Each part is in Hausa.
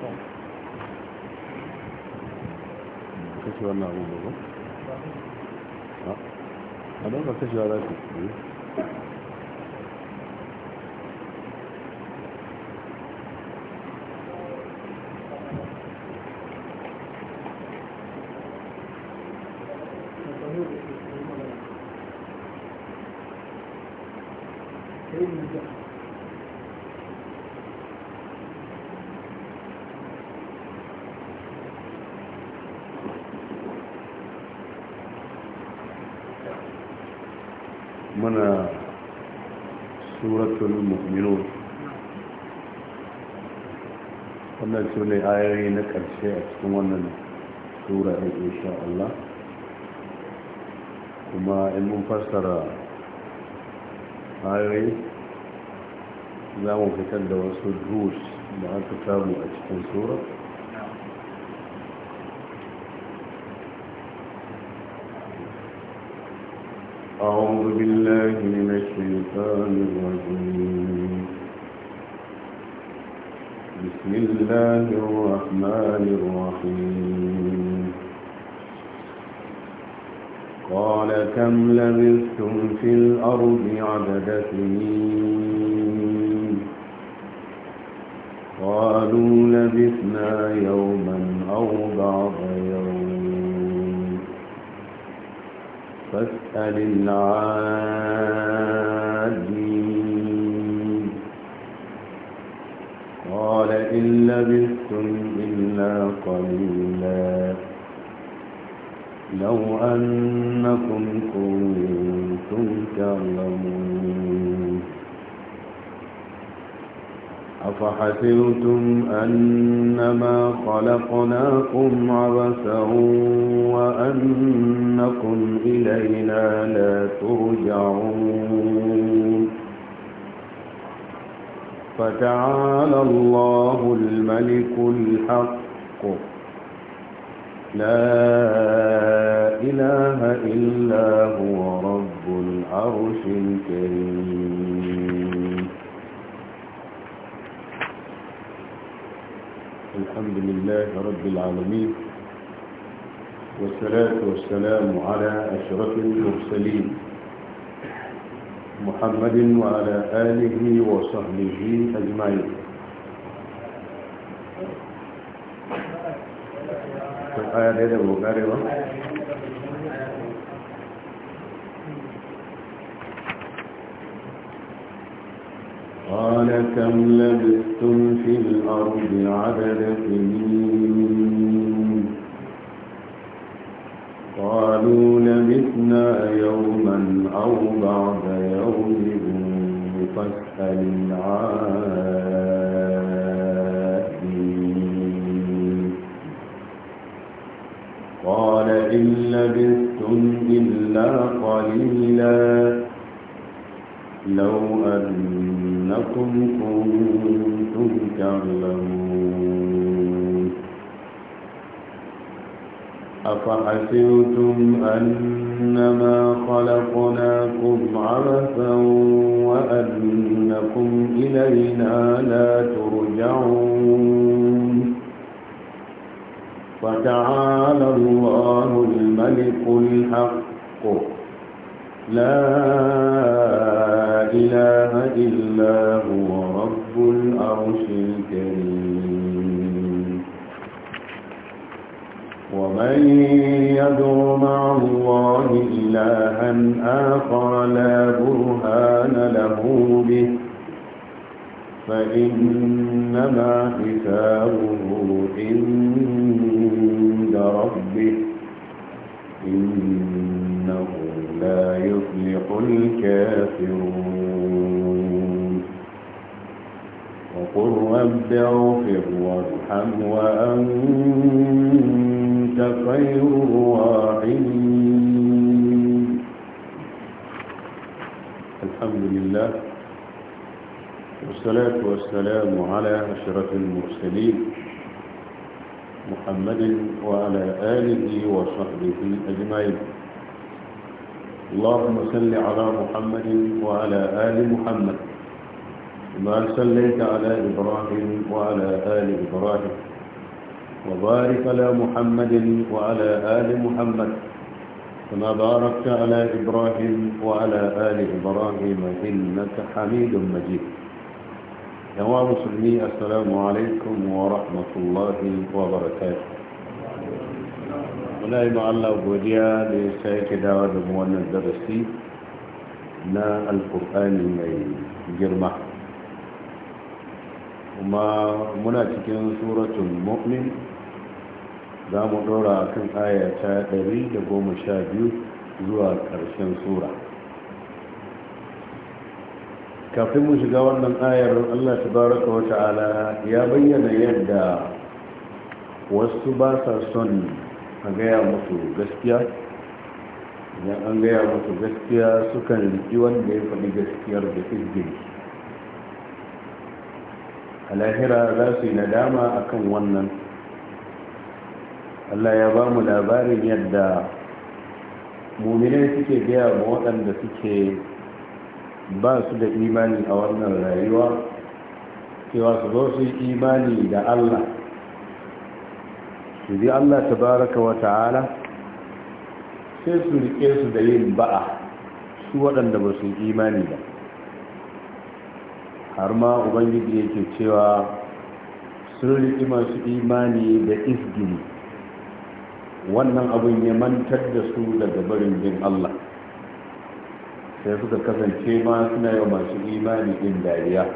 kashe na abubuwa ba a don ka kashe wa za su ayoyi na ƙarshe a cikin wannan tura ɗin insha Allah kuma in mun fassara ayoyi za mu fitar da wasu drus da aka samu a cikin tura أعوذ بالله من الشيطان الرجيم بسم الله الرحمن الرحيم قال كم لبثتم في الأرض عدد سنين قالوا لبثنا يوما أو بعض يوم فاسأل العالم قال إن لبثتم إلا قليلا لو أنكم كنتم تعلمون أفحسبتم أنما خلقناكم عبثا وأنكم إلينا لا ترجعون فتعالى الله الملك الحق لا إله إلا هو رب العرش الكريم الحمد لله رب العالمين والصلاة والسلام على أشرف المرسلين محمد وعلى آله وصحبه أجمعين الآية دي قال كم لبثتم في الأرض عدد سنين قالوا لبثنا يوما أو بعض يوم فاسأل العائلين قال إن لبثتم إلا قليلا لو أنكم كنتم تعلمون أفحسنتم أنما خلقناكم عبثا وأنكم إلينا لا ترجعون فتعالى الله الملك الحق لا إله إلا هو رب الأرش الكريم ومن يدعو مع الله إلها آخر لا برهان له به فإنما حسابه عند ربه إنه لا يفلح الكافرون وقل رب اغفر وارحم وأنت خير الراحمين الحمد لله والصلاة والسلام على أشرف المرسلين محمد وعلى آله وصحبه أجمعين اللهم صل على محمد وعلى آل محمد ما صليت على إبراهيم وعلى آل إبراهيم وبارك على محمد وعلى آل محمد كما باركت على إبراهيم وعلى آل إبراهيم إنك حميد مجيد نواة مسلمي السلام عليكم ورحمة الله وبركاته ولا yi الله بوديا لسيك ya موانا الدرسي نا القرآن الجرمة وما alkur'ani mai girma za mu ɗora a kan ayata biyu zuwa ƙarshen sura kafin mu shiga wannan ayar allah tabaraka wa ta'ala ya bayyana yadda wasu ba sa son a gaya musu gaskiya idan an gaya musu gaskiya sukan riki wanda ya faɗi gaskiyar da izgin a lahira za su yi nadama kan wannan Allah ya ba mu labarin yadda muminai suke gaya ma waɗanda suke ba su da imani a wannan rayuwa cewa su zo su yi imani da Allah su bi Allah ta baraka wa ta'ala sai su riƙe su da yin ba'a su waɗanda ba su yi imani ba har ma ubangiji yake cewa sun riƙi masu imani da isgini wannan abin ya mantar da su daga barin jin Allah sai suka kasance ma suna yau masu imani din dariya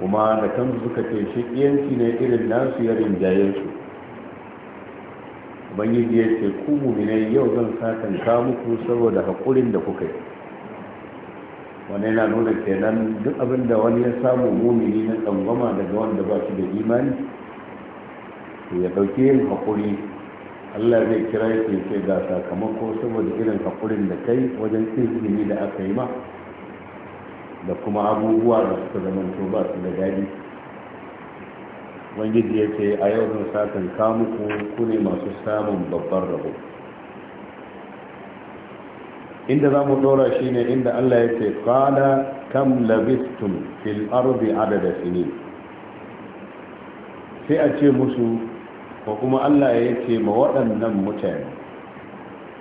kuma da kansu suka ce shi yanci ne irin nasu ya rinjaye su ubangiji ya ce ku muminai yau zan satanka muku saboda haƙurin da kuka yi wani yana nuna kenan duk abin da wani ya samu mumini na tsangwama daga wanda ba shi da imani to ya dauke yin haƙuri, Allah zai kira ya ke ce ga sakamako saboda irin haƙurin da kai wajen izini da aka yi ma da kuma abubuwa da suka to ba su da daɗi yadda ya ce a yau zan satan kamuku ku ne masu samun babbar rabo inda za mu dora shi ne inda allah ya ce kwada kam labistum fil ardi adada sini sai a ce musu ko kuma Allah ya ce ma waɗannan mutane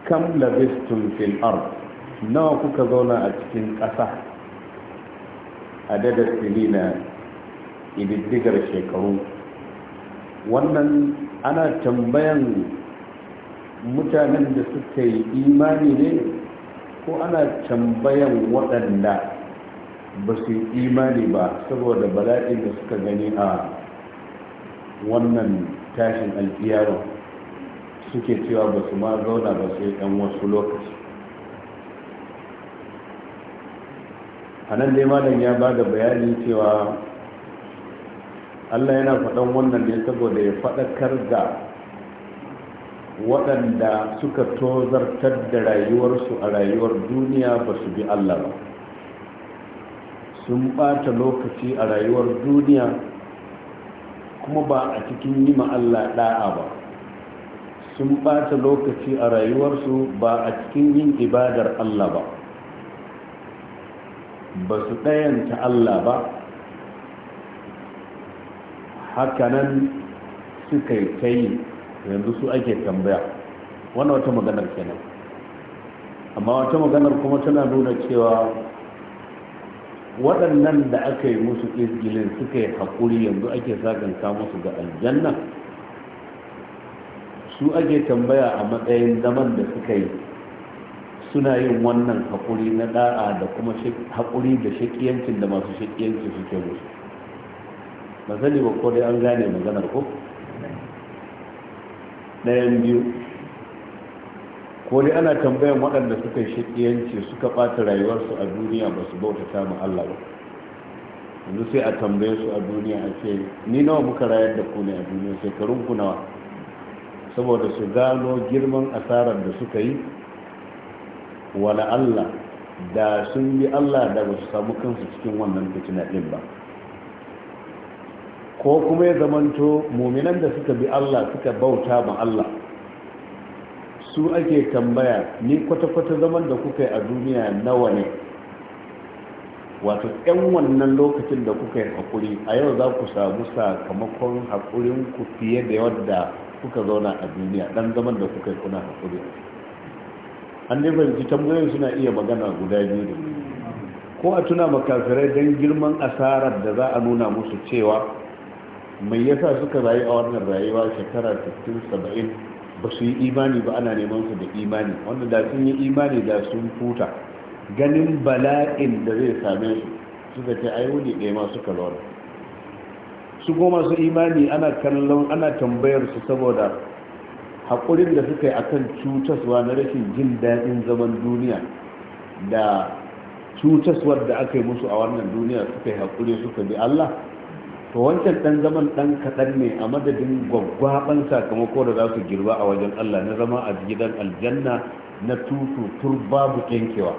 kam labistun fil ard nawa kuka zauna a cikin ƙasa a dada silina ididdigar shekaru wannan ana tambayan mutanen da suka yi imani ne ko ana tambayan waɗanda ba su imani ba saboda bala'in da suka gani a wannan tashin alkiyama suke cewa ba su ma zauna ba sai ɗan wasu lokaci a nan dai malam ya ba da bayani cewa allah yana faɗan wannan ne saboda ya faɗakar da waɗanda suka tozartar da rayuwarsu a rayuwar duniya ba su bi allah ba sun ɓata lokaci a rayuwar duniya kuma ba a cikin yi Allah da'a ba sun ɓata lokaci a rayuwarsu ba a cikin yin ibadar Allah ba ba su ɗayanta Allah ba hakanan suka yi ta yi yanzu su ake tambaya Wani wata maganar kenan amma wata maganar kuma tana nuna cewa waɗannan da aka yi musu izgilin suka yi haƙuri yanzu ake saganta musu ga aljanna su ake tambaya a matsayin zaman da suka yi suna yin wannan haƙuri na ɗa'a da kuma haƙuri da shaƙiyancin da masu su suke musu ba sani ba ko dai an gane maganar ko ɗayan biyu ko dai ana tambayan waɗanda suka yi shaƙiyanci suka ɓata rayuwarsu a duniya ba su bautata mu Allah ba yanzu sai a tambaye su a duniya a ce ni nawa muka rayar da ku ne a duniya shekarun ku nawa saboda su gano girman asarar da suka yi wala Allah da sun bi Allah da ba su samu kansu cikin wannan fitina ɗin ba ko kuma ya zamanto muminan da suka bi Allah suka bauta ma Allah su ake tambaya ni kwata-kwata zaman da kuka yi a duniya nawa ne wato 'yan wannan lokacin da kuka yi haƙuri a yau za ku samu sakamakon haƙurin ku fiye da yadda kuka zauna a duniya ɗan zaman da kuka yi kuna haƙuri an dai fahimci tambayoyin suna iya magana guda biyu da ko a tuna makasirai don girman asarar da za a nuna musu cewa mai yasa suka rayu a wannan rayuwa shekara 60 70 ba su yi imani ba ana neman su da imani wanda da sun yi imani da sun futa ganin bala'in da zai same su suka ce ai wuni ɗaya masu suka lura su goma su imani ana kallon ana tambayar su saboda haƙurin da suka yi akan cutaswa na rashin jin daɗin zaman duniya da cutaswar da aka yi musu a wannan duniya suka yi haƙuri suka bi Allah to wancan dan zaman dan kaɗan ne a madadin gwaggwaban sakamako da za su girba a wajen Allah na zama a gidan aljanna na tutu tur babu yankewa?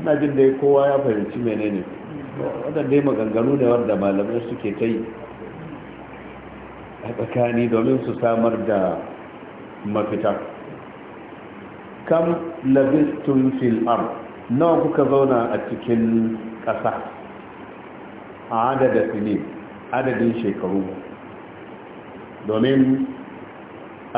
ina jin dai kowa ya fahimci menene wadanda dai maganganu ne wanda malamai suke ta a tsakani domin su samar da mafita kam labistun fil nawa kuka zauna a cikin ƙasa a adada sinin adadin shekaru domin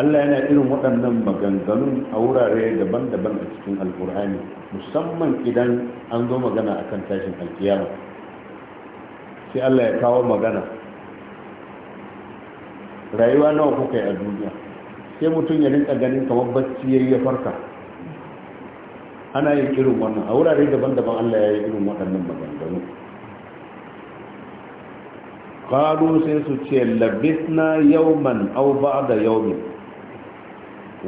allah yana irin waɗannan maganganun a wurare daban-daban a cikin alkur'ani musamman idan an zo magana a kan tashin alkiyama sai allah ya kawo magana rayuwa nawa kuka yi a duniya sai mutum ya rinka ganin kamar bacci ya ya farka ana yin irin wannan a wurare daban-daban allah ya yi irin waɗannan maganganun qalu sai su ce labisna yawman aw ba'da yawmin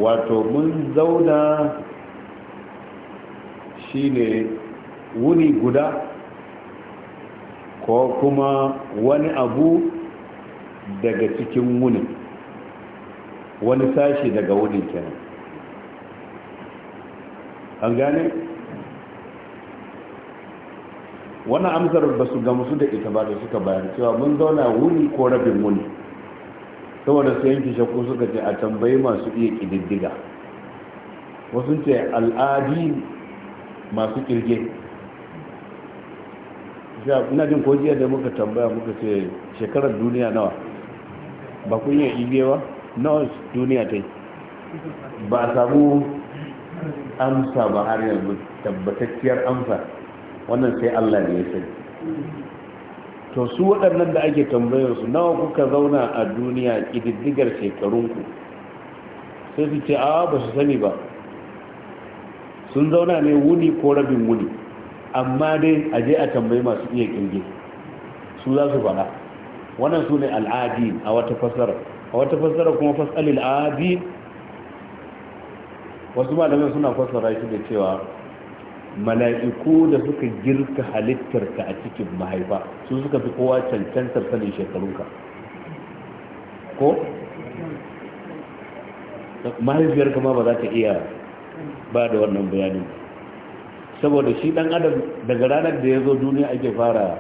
wato mun zauna shine wuni guda ko kuma wani abu daga cikin wuni wani sashi daga wuni kenan an gane wannan amsar ba su musu da ita ba da suka bayar cewa mun zauna wuni ko rabin wuni saboda su yanki shakku suka ce a tambayi masu iya ƙididdiga wasu ce al'adi masu kirge ina jin ko jiya da muka tambaya muka ce shekarar duniya nawa ba kun yi wa nawa duniya ta yi ba a samu amsa ba har yanzu tabbatacciyar amsa wannan sai Allah ne ya sani to su waɗannan da ake tambayar su nawa kuka zauna a duniya ƙididdigar shekarunku sai su ce a ba su sani ba sun zauna ne wuni ko rabin wuni amma dai a je a tambayi masu iya ƙirge su za su faɗa wannan su ne al'adi a wata fasara a wata fasara kuma fasalil adi wasu malamai suna fasara shi da cewa mala'iku da suka girka halittarka a cikin mahaifa su suka fi kowa cancantar sanin shekarunka ko mahaifiyarka ma ba za ta iya ba da wannan bayanin saboda shi dan adam daga ranar da ya zo duniya ake fara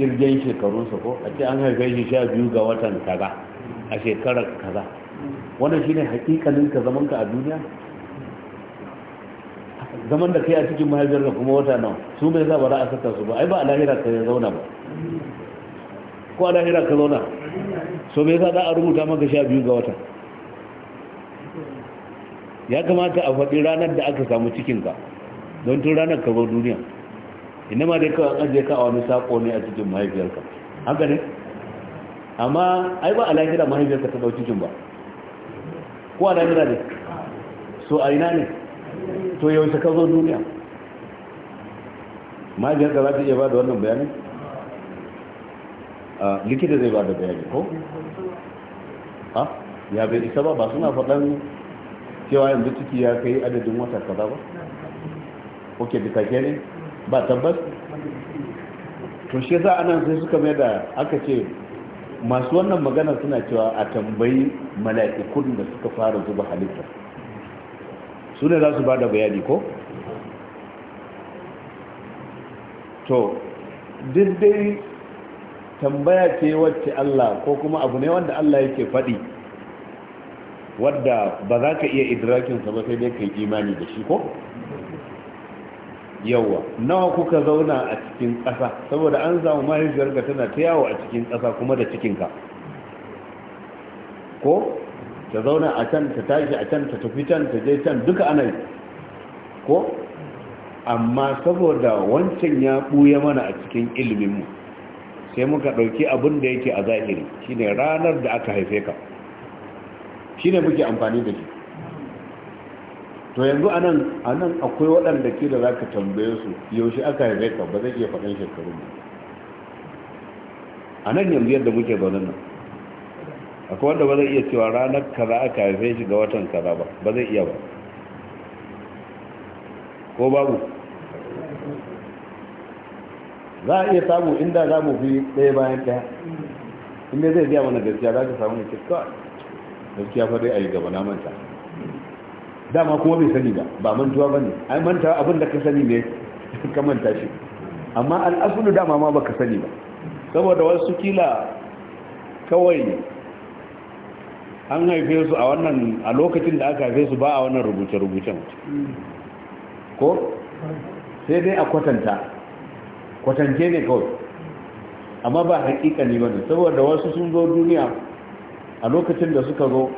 kirgen shekarunsa ko a ce an haife shi sha biyu ga watan kaza a shekarar kaza wannan shine hakikalin ka zamanka a duniya zaman da kai a cikin mahaifiyar da kuma wata nawa su mai za ba a saka su ba ai ba a lahira ka zauna ba ko a lahira ka zauna so mai za za a rubuta maka sha biyu ga wata ya kamata a faɗi ranar da aka samu cikinka don tun ranar ka zo duniya inda ma dai kawai ajiye je ka a wani sako ne a cikin ka, haka ne amma ai ba a lahira ka ta ɗau cikin ba ko a lahira ne so a ina ne to yau ta kazo duniya ma za ta iya ba da wannan bayanin likita zai ba da bayani ko? ha ya bai isa ba ba suna faɗan cewa yanzu ciki ya kai adadin wata kaza ba? ok bitake ne ba tabbas? to shi za a nan sai suka mai da aka ce masu wannan magana suna cewa a tambayi mala'ikun da suka fara zuba halittar su ne za su ba da bayani ko to duk tambaya ce wacce Allah ko kuma abu ne wanda Allah yake faɗi wadda ba za ka iya idrakinsa ba sai dai ka yi imani da shi ko yawa nawa kuka zauna a cikin ƙasa saboda an samu mahaifiyarka tana ta yawo a cikin ƙasa kuma da cikinka ko ta zauna a can ta tashi a can ta tafi can ta je can duka ana yi ko amma saboda wancan ya buya mana a cikin iliminmu sai muka ɗauki abin da yake a zahiri shine ranar da aka haife ka shine muke amfani da shi to yanzu anan anan akwai waɗanda ke da zaka tambaye su yaushe aka haife ka ba zai iya faɗin shekaru ba a nan yanzu yadda muke zaune nan akwai wanda ba zai iya cewa ranar kaza aka haife shi ga watan kaza ba ba zai iya ba ko babu za a iya samu inda za mu fi ɗaya bayan ɗaya inda zai biya mana gaskiya za ka samu na cikin gaskiya fa dai a yi gaba na manta dama kuma bai sani ba ba mantuwa ba ne ai manta abin da ka sani ne ka manta shi amma al'asulu dama ma baka sani ba saboda wasu kila kawai an haife su a wannan a lokacin da aka haife su ba a wannan rubuce-rubucen ko sai dai a kwatanta kwatance ne kawai amma ba hakika ne bane saboda wasu sun zo duniya a lokacin da suka zo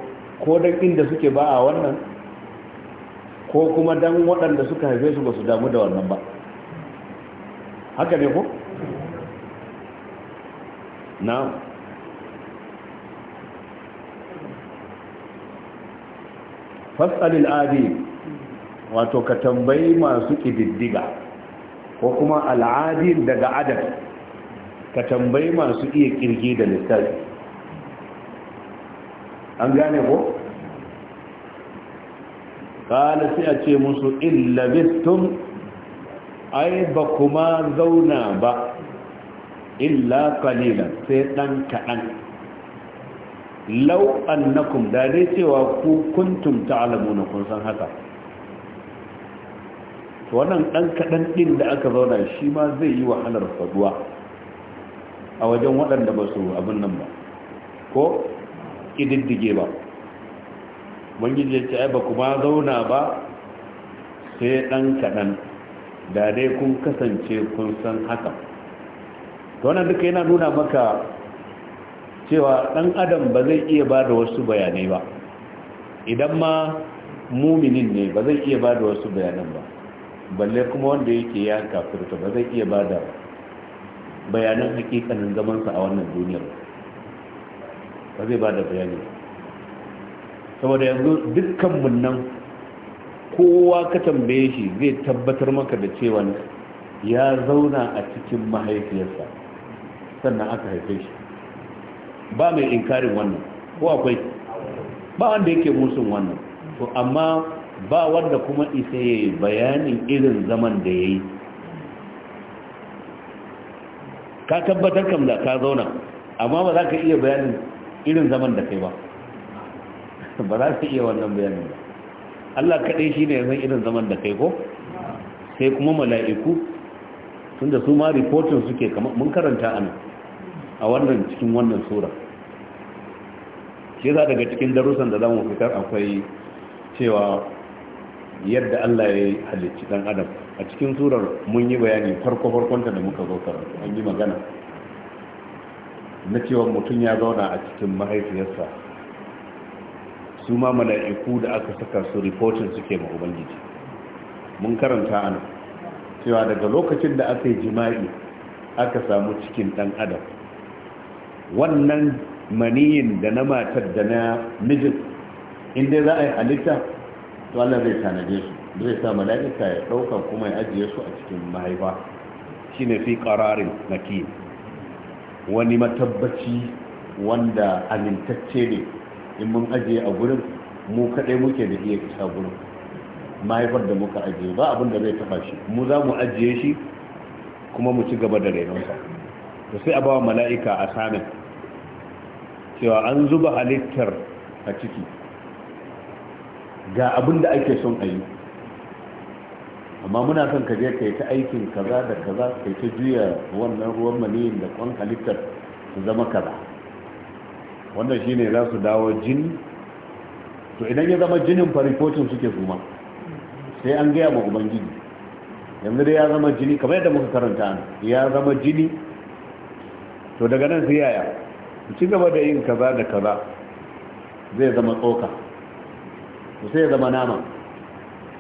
ko dan inda suke ba a wannan ko kuma dan waɗanda suka haife su ba su damu da wannan ba haka ne ko na fasalil adi wato ka tambayi masu ƙididdiga, ko kuma al'adi daga adad ka tambayi masu iya kirge da littafi. an gane ko kala sai a ce musu illabistum ai ba kuma zauna ba illa kalilan sai dan kaɗan lau annakum da dai cewa ku kuntum ta'lamuna kun san haka to wannan dan kadan din da aka zauna shi ma zai yi wahalar faduwa a wajen waɗanda ba su abin nan ba ko kididdige ba ubangiji ya ce ai ba kuma zauna ba sai dan kaɗan da dai kun kasance kun san haka to wannan duka yana nuna maka cewa ɗan adam ba zai iya ba da wasu bayanai ba idan ma muminin ne ba zai iya ba da wasu bayanan ba balle kuma wanda yake ya kafirta ba zai iya ba da bayanan hakikanin zamansa a wannan duniyar ba zai ba da bayani saboda yanzu dukkanmu nan kowa ka tambaye shi zai tabbatar maka da cewa ya zauna a cikin mahaifiyarsa sannan aka haife shi ba mai inkarin wannan ko akwai ba wanda yake musun wannan to amma ba wanda kuma isa ya yi bayanin irin zaman da ya yi ka tabbatar kam da ka zauna amma ba za ka iya bayanin irin zaman da kai ba ba za ka iya wannan bayanin ba Allah kaɗai shi ne yanzu irin zaman da kai ko sai kuma mala'iku tunda su ma reportin suke mun karanta anan a wannan cikin wannan sura shi za daga cikin darussan da za mu fitar akwai cewa yadda Allah ya halicci dan adam a cikin surar mun yi bayani farko farkonta da muka zo karatu an yi magana na cewa mutum ya zauna a cikin mahaifiyarsa su ma mala'iku da aka saka su reporting suke ma ubangiji mun karanta ana cewa daga lokacin da aka yi jima'i aka samu cikin dan adam wannan maniyin da na matar da na mijin inda za a yi halitta to Allah zai tanade su zai sa mala'ika ya ɗaukar kuma ya ajiye su a cikin mahaifa shine fi qararin makin wani matabbaci wanda amintacce ne in mun ajiye a gurin mu kaɗai muke da iya kisa gurin mahaifar da muka ajiye ba abin da zai taɓa shi mu za mu ajiye shi kuma mu ci gaba da rainonsa to sai a ba mala'ika a samin cewa an zuba halittar a ciki ga abin da ake son a yi amma muna son ka je ka yi ta aikin kaza da kaza ka yi ta juya wannan ruwan maniyin da kwan halittar su zama kaza wannan shi ne za su dawo jini to idan ya zama jinin farifocin suke kuma sai an gaya ma ubangiji yanzu dai ya zama jini kamar yadda muka karanta ya zama jini to daga nan sai yaya ci gaba da yin kaza da kaza zai zama tsoka to sai zama nama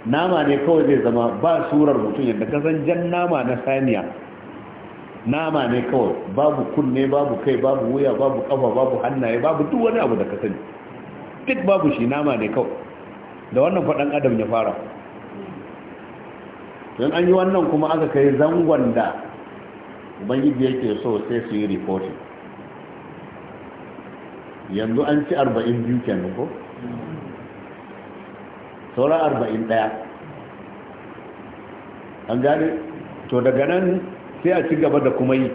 nama ne kawai zai zama ba surar mutum yadda kasan jan nama na saniya nama ne kawai babu kunne babu kai babu wuya babu kafa babu hannaye babu duk wani abu da ka sani duk babu shi nama ne kawai da wannan faɗan adam ya fara don an yi wannan kuma aka kai zangon da ubangiji yake so sai su yi reporting yanzu an ci 42 kenan ko sauran 41 an gane to daga nan sai a ci gaba da kuma yi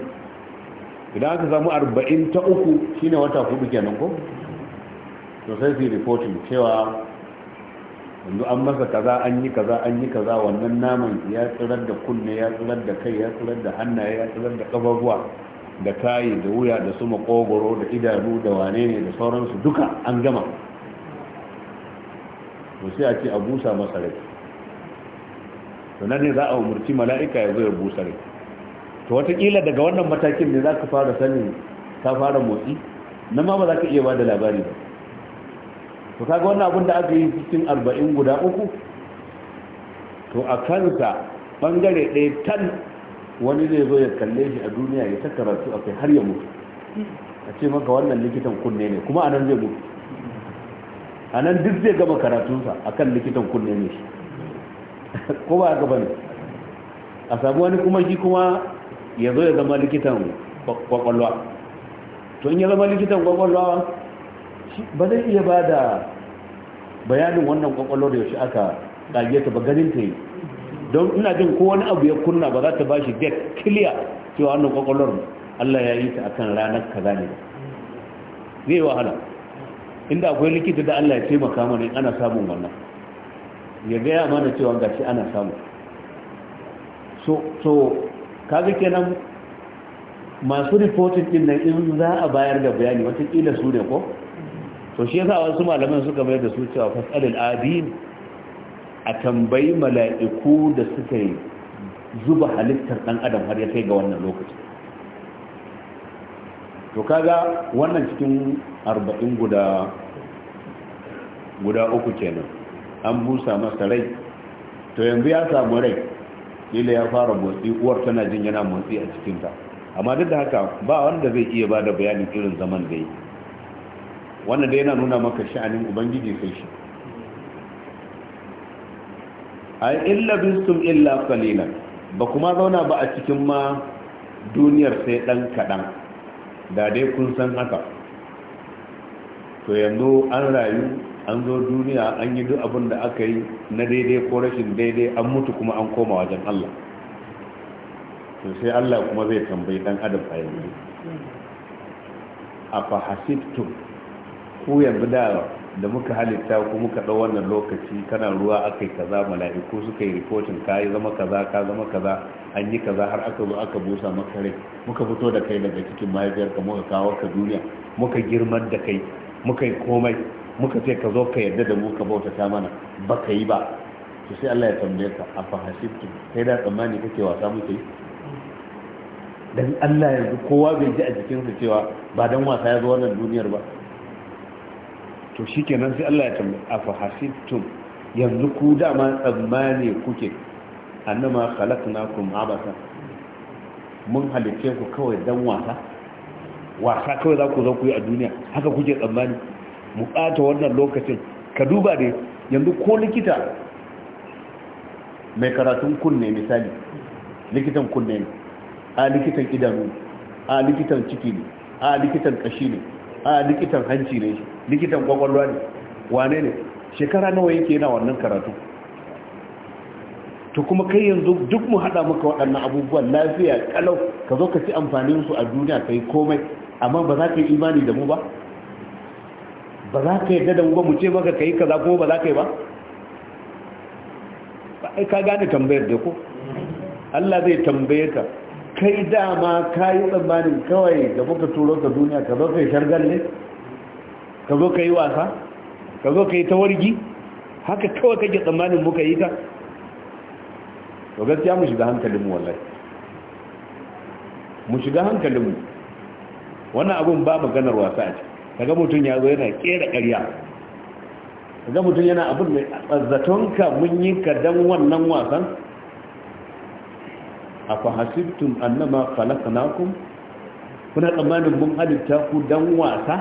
idan aka samu arba'in ta uku shine wata hudu kenan ko to sai su yi reporting cewa yanzu an masa kaza an yi kaza an yi kaza wannan naman ya tsirar da kunne ya tsirar da kai ya tsirar da hannaye ya tsirar da kafafuwa da kayi da wuya da su makogoro da idanu da wane ne da sauransu duka an gama to sai a ce a busa masa rai to nan ne za a umurci mala'ika ya zo ya busa rai to watakila daga wannan matakin ne za ka fara sanin ka fara motsi nan ma ba za ka iya ba da labari ba to kaga wannan abin da aka yi cikin arba'in guda uku to a kanta bangare ɗaya tan wani zai zo ya kalle shi a duniya ya ta karatu akai har ya mutu a ce maka wannan likitan kunne ne kuma anan zai mutu anan duk zai gama karatunsa akan likitan kunne ne shi ko ba gaba ne a samu wani kuma shi kuma ya zo ya zama likitan kwakwalwa to in ya zama likitan kwakwalwa ba zai iya ba da bayanin wannan kwakwalwar yaushe aka ɗage ta ba ganin ta yi don ina jin ko wani abu ya kunna ba za ta ba shi get clear cewa wannan kwakwalwar Allah ya yi ta akan ranar kaza ne zai wahala inda akwai likita da Allah ya taimaka mana ana samun wannan ya gaya mana cewa gashi ana samu so so kaga kenan masu reporting din nan in za a bayar da bayani watakila su ne ko to shi yasa wasu malaman suka mai da su cewa fasalil adin a tambayi mala'iku da suka yi zuba halittar dan adam har ya kai ga wannan lokaci to kaga wannan cikin arba'in guda guda uku kenan an busa masa rai to yanzu ya samu rai ila ya fara motsi uwar tana jin yana motsi a cikinta amma duk da haka ba wanda zai iya ba da bayanin irin zaman da yi wannan da yana nuna maka sha'anin ubangiji sai shi a illa bisum illa qalila ba kuma zauna ba a cikin ma duniyar sai dan kadan da dai kun san haka to yanzu an rayu an zo duniya an yi duk abin da aka yi na daidai ko rashin daidai an mutu kuma an koma wajen Allah to sai Allah kuma zai tambayi dan adam a yanzu a hasibtum ku yanzu da da muka halitta ku muka ɗau wannan lokaci kana ruwa aka yi kaza mala'iku suka yi rikotin ka yi zama kaza ka zama kaza an yi kaza har aka zo aka busa maka rai muka fito da kai daga cikin mahaifiyarka muka kawo ka duniya muka girman da kai muka yi komai muka ce ka zo ka yarda da mu ka bauta ta mana ba ka yi ba to sai Allah ya tambaye ka a fahasibtu kai da tsammani kake wasa muke yi dan Allah yanzu kowa bai ji a jikinsa cewa ba dan wasa ya zo wannan duniyar ba to shikenan sai Allah ya tambaye afa hasibtum yanzu ku dama tsammani kuke annama khalaqnakum abasa mun halice ku kawai dan wasa wasa kawai za ku zo ku yi a duniya haka kuke tsammani mu bata wannan lokacin ka duba dai yanzu ko likita mai karatun kunne misali likitan kunne ne a likitan idanu a likitan ciki ne a likitan kashi ne a likitan hanci ne likitan kwakwalwa ne wane ne shekara nawa yake yana wannan karatu to kuma kai yanzu duk mu haɗa maka waɗannan abubuwan lafiya kalau ka zo ka ci amfanin su a duniya ka yi komai amma ba za ka yi imani da mu ba ba za ka yarda da mu ba mu ce maka ka yi kaza ko ba za ka yi ba ai ka gane tambayar da ku Allah zai tambaye ka kai dama ka yi tsammanin kawai da muka turo ka duniya ka zo ka yi shargar ne ka zo ka yi wasa ka zo ka yi tawargi haka kawai kake tsammanin muka yi ka to ya mu shiga hankalinmu wallai mu shiga hankalinmu wannan abun ba maganar wasa a ce kaga mutum ya zo yana kera karya kaga mutum yana abin da zatonka mun yi ka dan wannan wasan afa hasibtum annama khalaqnakum kuna tsammanin mun halitta ku dan wasa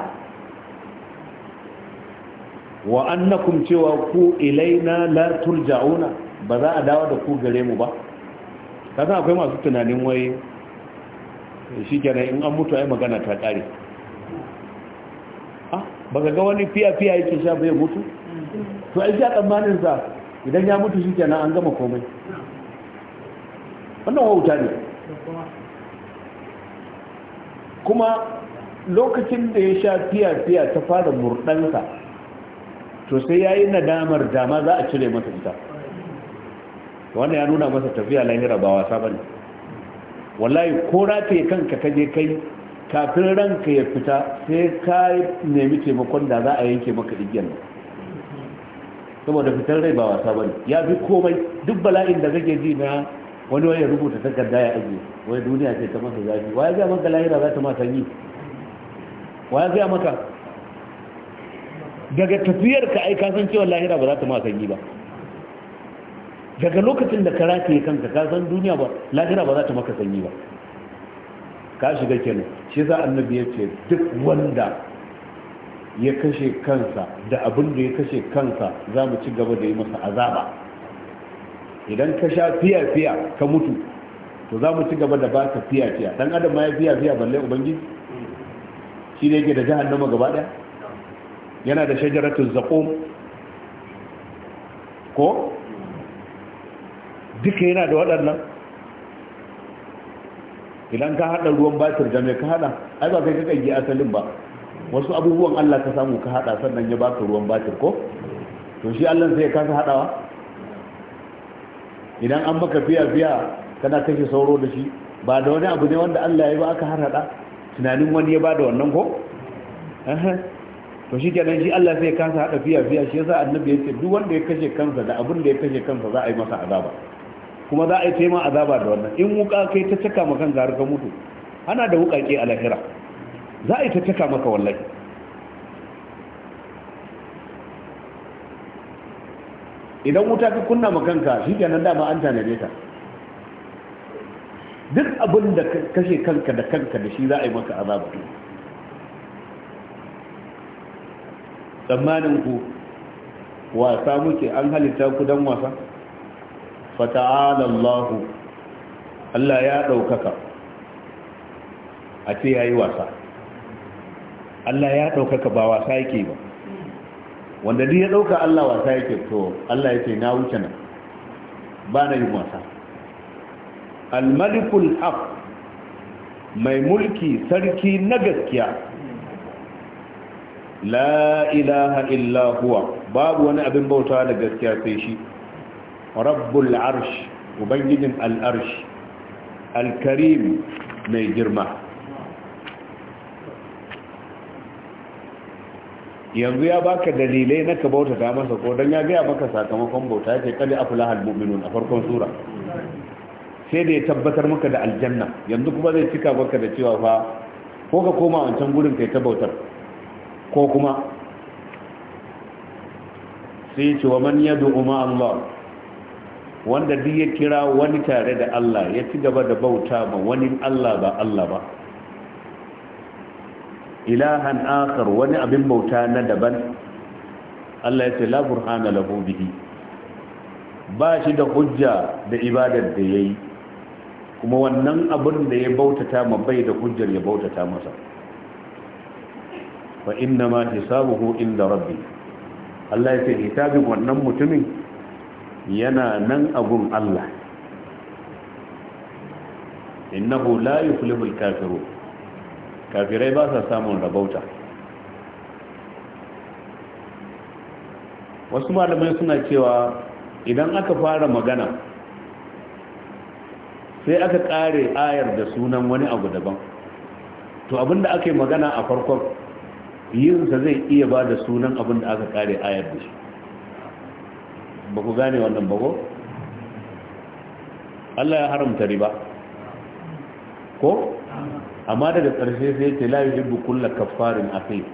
wa annakum cewa ku ilaina la turja'una ba za a dawo da ku gare mu ba kaza akwai masu tunanin wai shi kenan in an mutu ai magana ta kare ah baka ga wani fiya fiya yake sha bai mutu to ai ya tsammanin sa idan ya mutu shi kenan an gama komai wannan wauta ne kuma lokacin da ya sha fiya-fiya ta fara murɗansa to sai ya yi nadamar dama za a cire masa ita wannan ya nuna masa tafiya lahira ba wasa ba ne wallahi ko rataye kanka kaje kai kafin ranka ya fita sai ka nemi taimakon da za a yanke maka igiyar nan saboda fitar rai ba wasa ba ne ya fi komai duk bala'in da zage ji na wani wani rubuta takarda ya ajiye wani duniya ce ta masa zafi wa ya gaya maka lahira za ta masa yi wa ya gaya maka daga tafiyar ka aika san cewa lahira ba za ta masa yi ba daga lokacin da ka rataye kanka ka san duniya ba lahira ba za ta maka sanyi ba ka shiga kenan shi za annabi ya ce duk wanda ya kashe kansa da abin da ya kashe kansa za mu ci gaba da yi masa azaba idan ka sha fiya fiya ka mutu to za mu ci gaba da ba ka fiya fiya dan adam ma ya fiya fiya balle ubangiji shi ne yake da jahannama gaba daya yana da shajaratun zaqum ko duka yana da waɗannan idan ka haɗa ruwan batir da mai ka haɗa ai ba kai ka ƙangi asalin ba wasu abubuwan allah ka samu ka haɗa sannan ya baka ruwan batir ko to shi allah sai ya kasa haɗawa idan an maka fiya fiya kana kashe sauro da shi ba da wani abu ne wanda Allah ya yi ba aka harhaɗa tunanin wani ya ba da wannan ko to shi kenan shi Allah sai kansa haɗa fiya fiya shi yasa annabi ya ce duk wanda ya kashe kansa da abin da ya kashe kansa za a yi masa azaba kuma za a yi taima azaba da wannan in wuka kai ta caka maka har ka mutu ana da wuƙaƙe a lahira za a yi ta caka maka wallahi idan wuta ka kunna ma kanka shi kenan dama an tanade ta duk abin da kashe kanka da kanka da shi za a yi maka azaba tsammanin ku wasa muke an halitta ku don wasa fata'ala Allahu Allah ya ɗaukaka a ce ya yi wasa Allah ya ɗaukaka ba wasa yake ba wanda duk ya dauka Allah wasa yake to Allah yake na wuce nan ba na yin wasa al-malikul haq mai mulki sarki na gaskiya la ilaha illa huwa babu wani abin bauta da gaskiya sai shi rabbul arsh ubangijin al-arsh al-karim mai girma yanzu ya baka dalilai na ka bauta ta masa ko dan ya gaya maka sakamakon bauta ya ce kada aflahal mu'minun a farkon sura sai da ya tabbatar maka da aljanna yanzu kuma zai cika baka da cewa fa ko ka koma wancan gurin kai ta bautar ko kuma sai ce wa man yad'u ma Allah wanda duk ya kira wani tare da Allah ya ci gaba da bauta ma wani Allah ba Allah ba ilahan akhar wani abin bauta na daban Allah ya ce la burhana lahu ba shi da hujja da ibadar da yayi kuma wannan abin da ya bautata ma bai da hujjar ya bautata masa fa inna ma hisabuhu inda rabbi Allah ya ce hisabin wannan mutumin yana nan agun Allah innahu la yuflihu kafirun kafirai ba sa samun rabauta wasu malamai suna cewa idan aka fara magana sai aka kare ayar da sunan wani abu daban to abinda aka yi magana a farkon yinsa zai iya ba da sunan abinda aka kare ayar da shi ba ku gane wannan bago? Allah ya haramta riba ko? amma daga ƙarshe sai ce la yuhibbu kulla kaffarin asim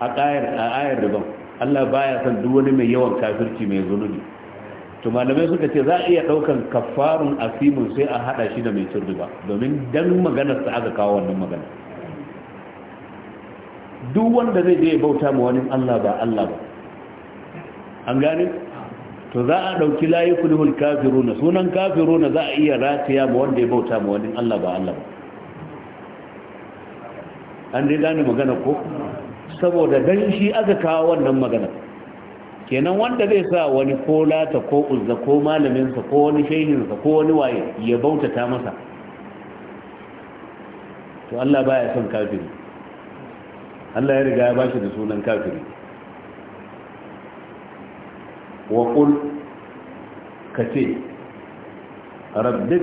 a ƙayar a ayar Allah baya son duk wani mai yawan kafirci mai zunubi to malamai suka ce za a iya ɗaukan kaffarun asimin sai a haɗa shi da mai turduba domin dan magana sa aka kawo wannan magana duk wanda zai je bauta ma wani Allah ba Allah ba an gane to za a ɗauki layi kulhul kafiruna sunan kafiruna za a iya rataya ma wanda ya bauta ma wani Allah ba Allah ba an dai gane magana ko saboda dan shi aka kawo wannan magana kenan wanda zai sa wani ko lata ko uzza ko malaminsa ko wani shehinsa ko wani waye ya bautata masa to Allah baya son kafiri Allah ya riga ya bashi da sunan kafiri wa kul ka ce rabbi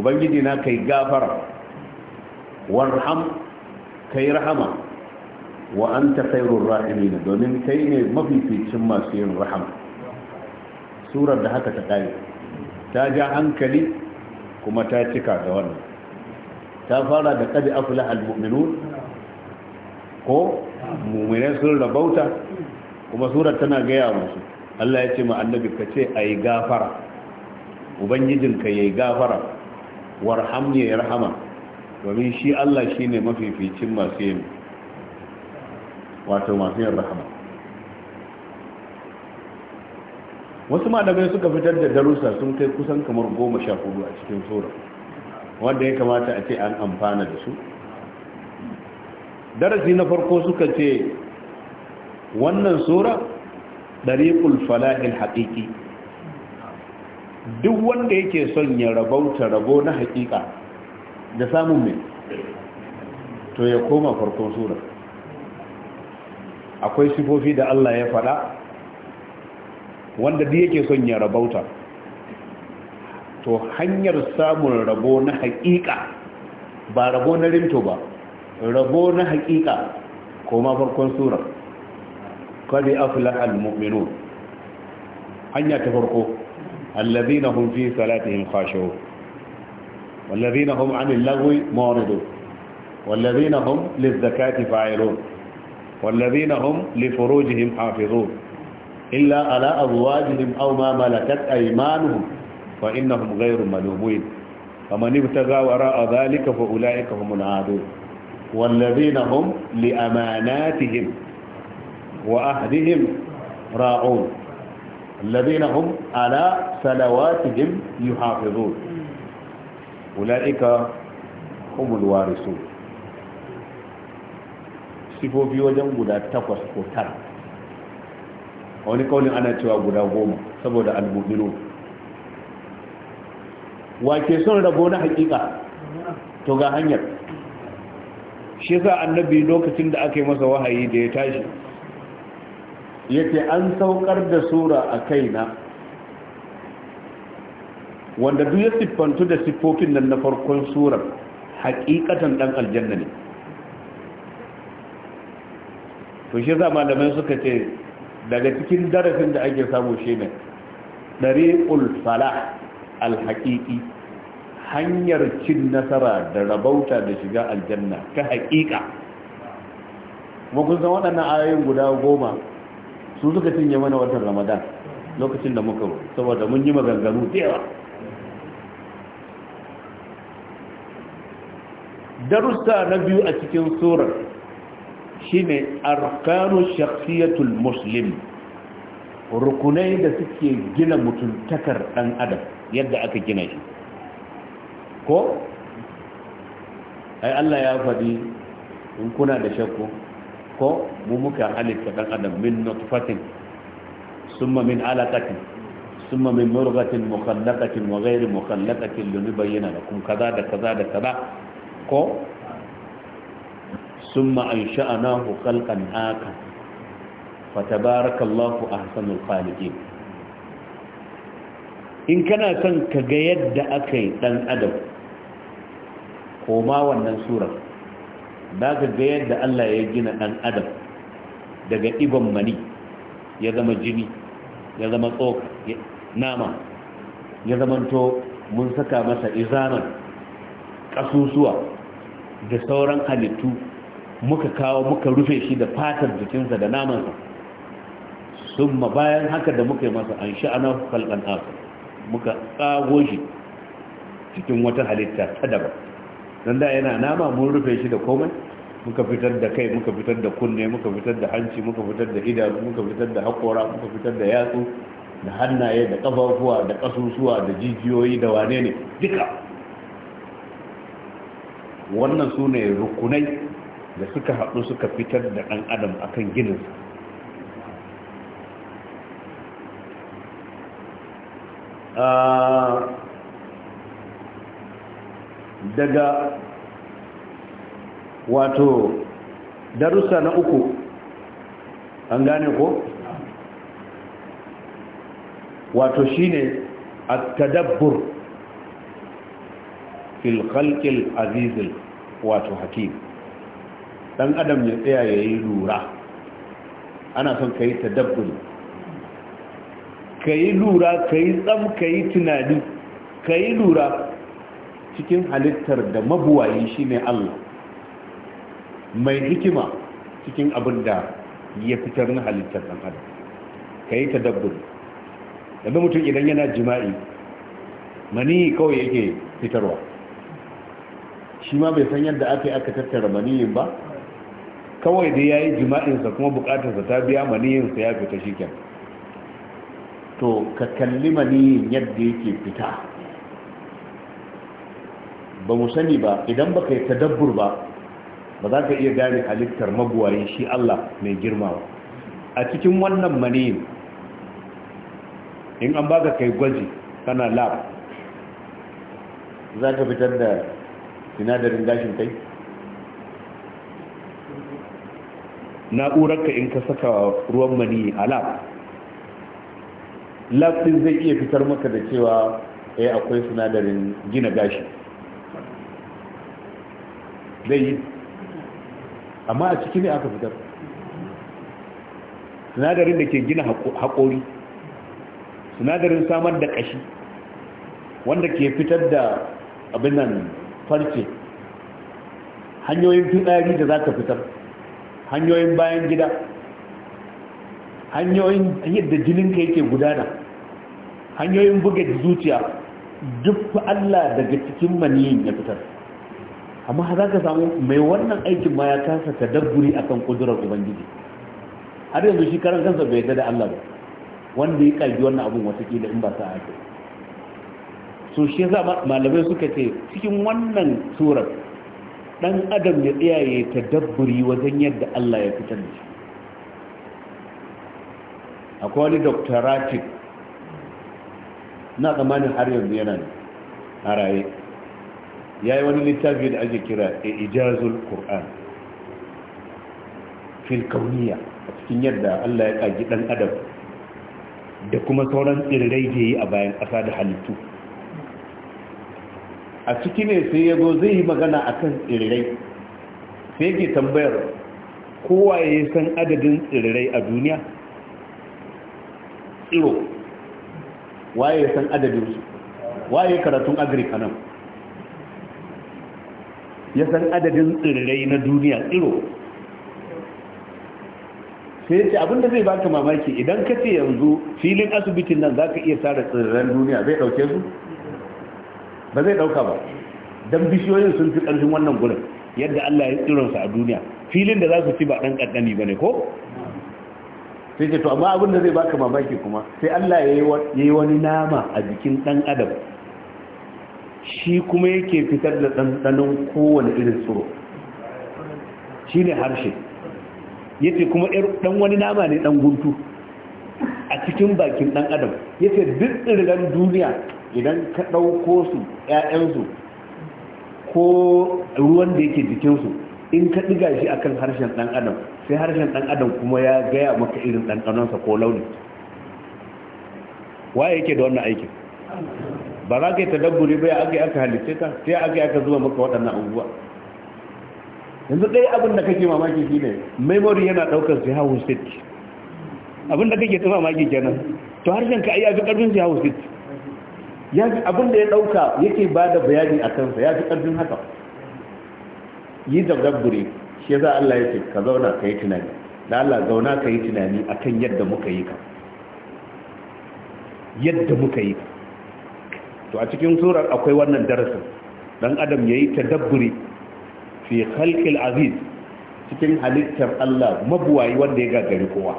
ubangiji na kai gafara warham kai rahama wa anta khairur domin kai ne mafificin masu yin rahama surar da haka ta kai ta ja hankali kuma ta cika da wannan ta fara da qad aflaha almu'minun ko mu'minai sun rabauta kuma surar tana gaya musu Allah ya ce ma annabi ka ce a ayi gafara ubangijinka yi gafara warhamni ya rahama domin shi Allah shi shine mafificin masu yin wato masu yin rahama wasu malamai suka fitar da darussa sun kai kusan kamar goma sha hudu a cikin sura wanda ya kamata a ce an amfana da su darasi na farko suka ce wannan sura dariqul fala'il haqiqi duk wanda yake son ya rabauta rabo na haƙiƙa da samun mai to ya koma farkon sura akwai sifofi da Allah ya faɗa wanda duk yake son ya rabauta to hanyar samun rabo na haƙiƙa ba rabo na rinto ba rabo na haƙiƙa koma farkon surar قد أفلح المؤمنون أن يتفرقوا الذين هم في صلاتهم خاشعون والذين هم عن اللغو معرضون والذين هم للزكاة فاعلون والذين هم لفروجهم حافظون إلا على أزواجهم أو ما ملكت أيمانهم فإنهم غير ملومين فمن ابتغى وراء ذلك فأولئك هم العادون والذين هم لأماناتهم وأهلهم راعون الذين هم على سلواتهم يحافظون أولئك هم الوارثون سيفو في guda takwas ko tara a wani kaunin ana cewa guda goma saboda wake son rabo na hakika to ga hanyar shi za annabi lokacin da aka yi masa wahayi da ya tashi yake an saukar da sura a kaina wanda duk ya siffantu da siffofin nan na farkon surar hakikatan dan aljanna ne to shi za malamai suka ce daga cikin darasin da ake samu shi ne ɗariƙul ulfala alhaƙiƙi hanyar cin nasara da rabauta da shiga aljanna ta haƙiƙa makon san waɗannan ayoyin guda goma su suka cinye mana watan ramadan lokacin da muka saboda mun yi maganganu da yawa darussa na biyu a cikin shi ne arkanu shakhsiyatul muslim rukunai da suke gina mutuntakar dan adam yadda aka gina shi ko ai Allah ya faɗi in kuna da shakku ko mu muka halitta dan adam min nutfatin summa min alaqatin summa min murghatin mukhallaqatin wa ghayri mukhallaqatin linubayyana lakum kaza da kaza da kaza ko summa ansha'nahu khalqan akhar fatabarakallahu ahsanul khaliqin in kana son ka ga yadda aka yi dan adam koma wannan surar za ka ga yadda Allah ya gina ɗan adam daga ibon mani ya zama jini ya zama tsoka nama ya zama to mun saka masa izaman ƙasusuwa da sauran halittu muka kawo muka rufe shi da fatar jikinsa da namansa sun ma bayan haka da muka yi masa an sha'ana falƙan muka tsago shi cikin wata halitta ta daban don da yana nama mun rufe shi da komai muka fitar da kai muka fitar da kunne muka fitar da hanci muka fitar da idanu muka fitar da haƙora muka fitar da yatsu da hannaye da ƙafafuwa da ƙasusuwa da jijiyoyi da wane ne duka wannan su ne rukunai da suka haɗu suka fitar da ɗan adam akan gininsa Uh, ah, daga wato darussa na uku an gane ko wato shine at-tadabbur fil al-aziz wato hakim dan adam ya tsaya yayi lura ana son kai tadabbur kai lura kai tsam kai tunani kai lura cikin halittar da mabuwayi shine Allah mai hikima cikin abin da ya fitar na halittar ɗan adam ka yi tadabbur yanzu mutum idan yana jima'i mani kawai yake fitarwa shi ma bai san yadda aka yi aka tattara maniyin ba kawai dai ya yi jima'insa kuma bukatarsa ta biya maniyinsa ya fita shi to ka kalli maniyin yadda yake fita ba mu sani ba idan ba ka yi tadabbur ba ba za ka iya gane halittar magwayin shi Allah mai girma a cikin wannan maniyin in an baka kai gwaji kana lab za ka fitar da sinadarin gashin kai na'urarka in ka saka ruwan mani a lab lab din zai iya fitar maka da cewa ya eh, akwai sinadarin gina gashi zai yi amma a ciki ne aka fitar sinadarin da ke gina haƙori sinadarin samar da ƙashi wanda ke fitar da abin nan farce hanyoyin fitsari da za ka fitar hanyoyin bayan gida hanyoyin yadda jininka yake gudana hanyoyin buga zuciya duk Allah daga cikin maniyin ya fitar amma za ka samu mai wannan aikin ma ya kasa a akan kudurar ubangiji har yanzu shi karan kansa bai yarda da Allah ba wanda ya kalbi wannan abun watakila in ba sa ake so shi yasa malamai suka ce cikin wannan surar dan adam ya ta dabburi wajen yadda Allah ya fitar da shi akwai wani doctorate na tsammanin har yanzu yana a raye ya yi wani littafi da ake kira a ijazul ƙur'an fil kauniya a cikin yadda allah ya kaji ɗan adam da kuma sauran tsirrai da yi a bayan ƙasa da halittu a ciki ne sai ya zo zai yi magana a kan tsirrai sai yake tambayar kowa ya san adadin tsirrai a duniya tsiro waye ya san adadinsu waye karatun agrik nan ya san adadin tsirrai na duniya tsiro sai ya ce abinda zai baka mamaki idan ka ce yanzu filin asibitin nan za ka iya tara tsirran duniya zai dauke su ba zai dauka ba don bishiyoyin sun fi karfin wannan gurin yadda allah ya su a duniya filin da za su ci ba ɗan ƙanƙani ba ne ko sai ce to amma abinda zai baka mamaki kuma sai allah ya yi wani nama a jikin ɗan adam shi kuma yake fitar da ɗanɗanon kowane irin tsoro shi ne harshe ya ce kuma ɗan wani nama ne ɗan guntu a cikin bakin ɗan adam ya ce duk ɗirgan duniya idan ka ɗauko su ‘ya'yansu ko ruwan da yake jikinsu in ka ɗiga shi akan harshen ɗan adam sai harshen ɗan adam kuma ya gaya maka irin ɗanɗanonsa ko launi waye yake da wannan aikin ba za ka yi tadabburi ba ya ake aka halitta ta sai ake aka zuwa maka waɗannan abubuwa yanzu ɗaya abin da kake mamaki shi ne memory yana ɗaukar su hawa state abin da kake ta mamaki kenan to harshen ka ya fi ƙarfin su ya fi abin da ya ɗauka yake ba da bayani a kansa ya fi ƙarfin haka yi tadabburi shi ya za Allah ya ce ka zauna ka yi tunani da Allah zauna ka yi tunani akan yadda muka yi ka yadda muka yi ka to a cikin surar akwai wannan darasin dan adam yayi tadabburi fi khalqil aziz cikin halittar Allah mabuwayi wanda ya gagari kowa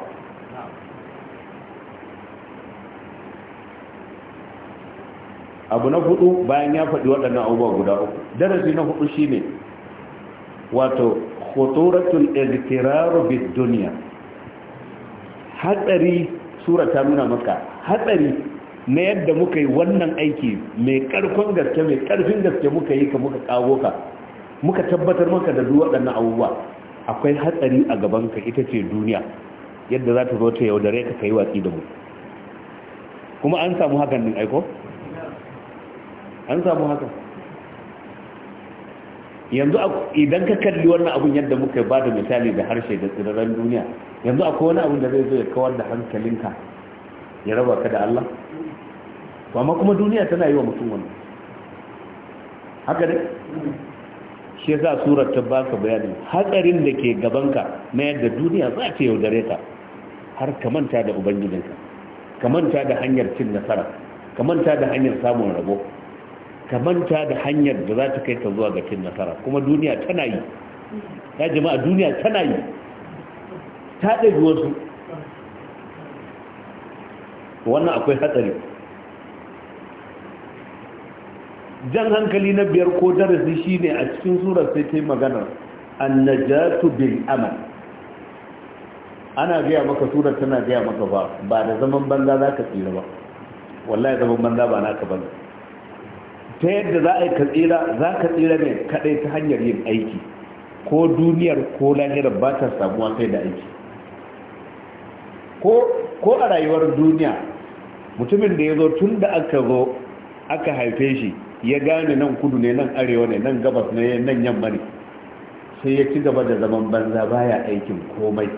abu na hudu bayan ya faɗi waɗannan abubuwa guda uku darasi na hudu shine wato khuturatul izkiraru bid dunya hadari sura ta nuna maka hadari na yadda muka yi wannan aiki mai karfin gaske mai karfin gaske muka yi ka muka kago ka muka tabbatar maka da duk waɗannan abubuwa akwai hatsari a gaban ka ita ce duniya yadda za ta zo ta yaudare ka kai watsi da mu kuma an samu hakan din aiko an samu hakan yanzu idan ka kalli wannan abun yadda muka ba da misali da harshe da tsirarren duniya yanzu akwai wani abun da zai zo ya kawar da hankalinka ya raba ka da Allah to amma kuma duniya tana yi wa mutum wannan haka ne? shi yasa surar ta baka bayani hatsarin da ke gabanka na yadda duniya za ta yaudare ka har ka manta da ubangijinka ka manta da hanyar cin nasara ka manta da hanyar samun rabo ka manta da hanyar da za ta kai ka zuwa ga cin nasara kuma duniya tana yi ya jama'a duniya tana yi ta ɗabi wasu wannan akwai hatsari jan hankali na biyar ko darasi shine a cikin surar sai ta yi maganar annajatu bil amal ana gaya maka surar tana gaya maka ba ba da zaman banza za ka tsira ba wallahi zaman banza ba na ka banza ta yadda za a yi ka tsira za ka tsira ne kaɗai ta hanyar yin aiki ko duniyar ko lahirar ba ta samuwa kai da aiki ko a rayuwar duniya mutumin da ya zo tun da aka zo aka haife shi ya gane nan kudu ne nan arewa ne nan gabas ne nan yamma ne sai ya ci gaba da zaman banza baya aikin komai